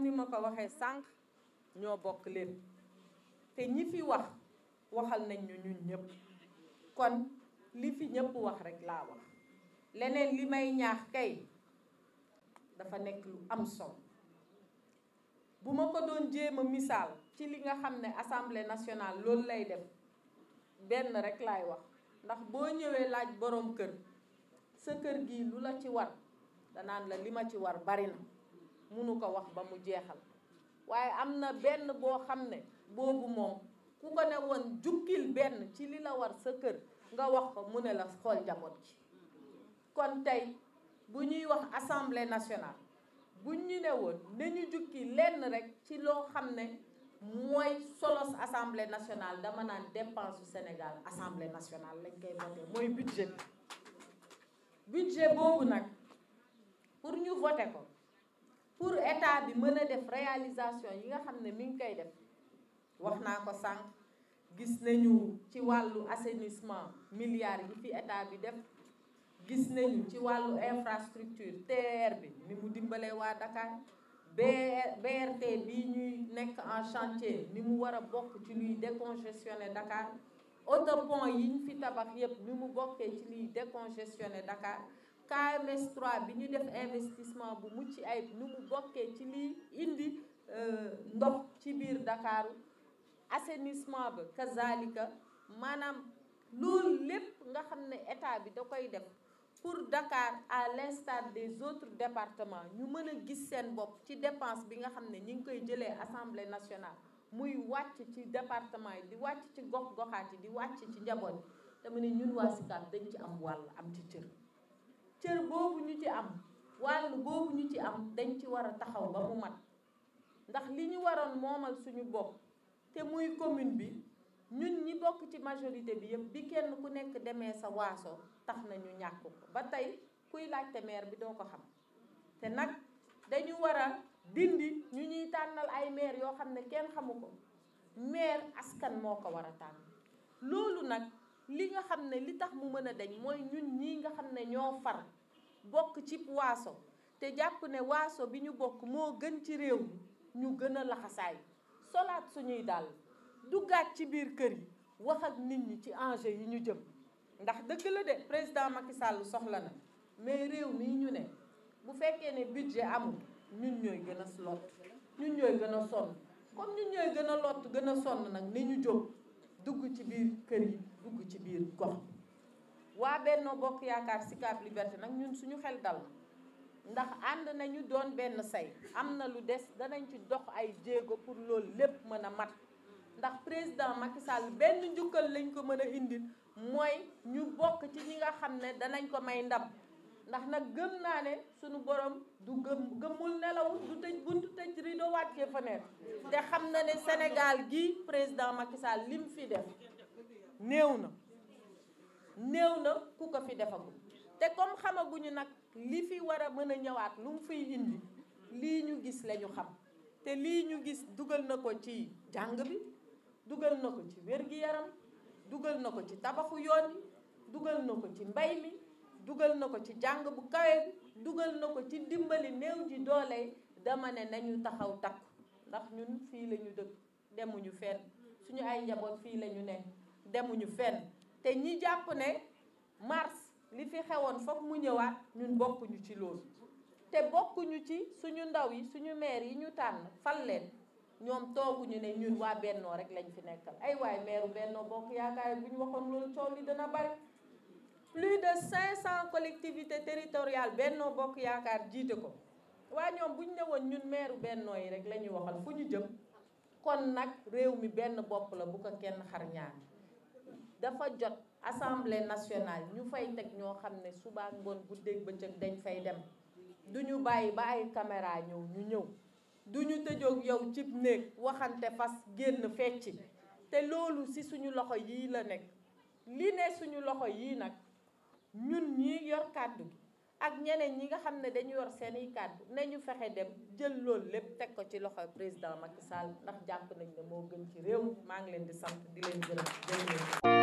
comme ma ko waxee sànq ñoo bokk leen te ñi fi wax waxal nañ ñu ñun ñëpp kon li fi ñëpp wax rekk laa wax leneen li may ñaax kay dafa nekk lu am solo bu ma ko doon jéem a misaal ci li nga xam ne assemblée nationale loolu lay dem benn rek laay wax ndax boo ñëwee laaj boroom kër sa kër gi lu la ci war danaan la li ma ci war bari na munu ko wax ba mu jeexal waaye am na benn boo xam ne boobu moom ku ko ne woon jukkil benn ci li la war sa kër nga wax ko mu ne la xool njaboot ji kon tey bu ñuy wax assemblée nationale bu ñu ne woon nañu jukki lenn rek ci loo xam ne mooy solos assemblée nationale dama naan dépense su Sénégal assemblée nationale lañ koy voté mooy budget budget boobu nag pour ñu voté ko pour état bi mën a def réalisation yi nga xam ne mi ngi koy def wax naa ko sànq gis nañu ci wàllu assainissement milliards yi fi état bi def gis nañu ci wàllu infrastructure TER bi ni mu dimbalee waa Dakar BRT bi ñuy nekk en chantier ni mu war a bokk ci luy décongestionner Dakar autopont yi ñu fi tabax yépp ni mu bokkee ci luy décongestionner Dakar KMS 3 bi ñu def investissement bu mucc ay nu mu bokkee ci liy indi euh, ndox ci biir Ndakaaru assainissement ba kazalika maanaam loolu lépp nga xam ne état bi da koy def pour Dakar à l'instar des autres départements ñu mën a gis seen bopp ci dépense bi nga xam ne ñi ngi koy jëlee assemblée nationale muy wàcc ci département yi di wàcc ci gox goxaat yi di wàcc ci njaboot yi ma ne ñun waa Sicap dañ ci am wàll am ci cër cër boobu ñu ci am wàll boobu ñu ci am dañ ci war a taxaw ba mu mat ndax li ñu waroon moomal suñu bopp te muy commune bi ñun ñi bokk ci majorité bi yëpp bi kenn ku nekk demee sa waaso tax nañu ñu ñàkk ko ba tey kuy laajte maire bi doo ko xam te nag dañu war a dindi ñu ñuy tànnal ay maire yoo xam ne kenn xamu ko maire askan moo ko war a tànn loolu nag li nga xam ne li tax mu mën a dañ mooy ñun ñii nga xam ne ñoo far bokk ci waaso te jàpp ne waaso bi ñu bokk moo gën ci réew ñu gën a laxasaay solaat suñuy dàll duggaat ci biir kër yi wax ak nit ñi ci enjeu yi ñu jëm ndax dëgg la de président Macky Sall soxla na mais réew mi ñu ne bu fekkee ne budget amul ñun ñooy gën a lot ñun ñooy gën a sonn comme ñun ñooy gën a lot gën a sonn nag ni ñu jóg dugg ci biir kër yi bugg ci biir gox waa Benno Bokk Yaakaar Sicap Liberté nag ñun suñu xel dal ndax ànd nañu doon benn say am na lu des danañ ci dox ay jéego pour loolu lépp mën a mat ndax président Macky Sall benn njukkal lañ ko mën a indil mooy ñu bokk ci ñi nga xam ne danañ ko may ndam ndax nag gëm naa ne suñu borom du gëm gëmul nelawul du tëj buntu tëj rido wàccee fenêtre te xam na ne Sénégal gi président Macky Sall lim fi def néew na néew na ku ko fi defagul te comme xamaguñu nag li fi war a mën a ñawaat lu mu fiy indi lii ñu gis lañu xam te lii ñu gis dugal na ko ci jàng bi dugal na ko ci wér-gi-yaram dugal na ko ci tabaxu yoon yi dugal na ko ci mbay mi dugal na ko ci jàng bu kawe bi dugal na ko ci dimbali néew ji doole dama ne nañu taxaw takku ndax ñun fii la ñu dëkk demuñu fenn suñu ay njaboot fii lañu ne demuñu fenn te ñi jàpp ne mars li fi xewoon foog mu ñëwaat ñun bokkuñu ci loolu te bokkuñu ci suñu ndaw yi suñu meer yi ñu tànn fal leen ñoom tooguñu ne ñun waa bennoo rek lañ fi nekkal ay waay maire bennoo bokk yaakaar bu ñu waxoon loolu coow li dana bari plus de 500 collectivités territoriales bennoo bokk yaakaar jiite ko waa ñoom bu ñu ñun meeru bennoo yi rek la ñuy waxal fu ñu jëm kon nag réew mi benn bopp la bu ko kenn xar dafa jot assemblée nationale ñu fay teg ñoo xam ne subaa ngoon guddeeg bëccëg dañ fay dem du ñu bàyyi ba ay caméra ñëw ñu ñëw du ñu tëjoog yow cib néeg waxante fas génn fecc te loolu ci suñu loxo yii la nekk li ne suñu loxo yii nag ñun ñii yor kàddu gi ak ñeneen ñi nga xam ne dañu yor seeni kàddu ne ñu fexe dem jël loolu lépp teg ko ci loxo président Macky Sall ndax jàpp nañ ne moo gën ci réew maa ngi leen di samp di leen gërëm jërëjëf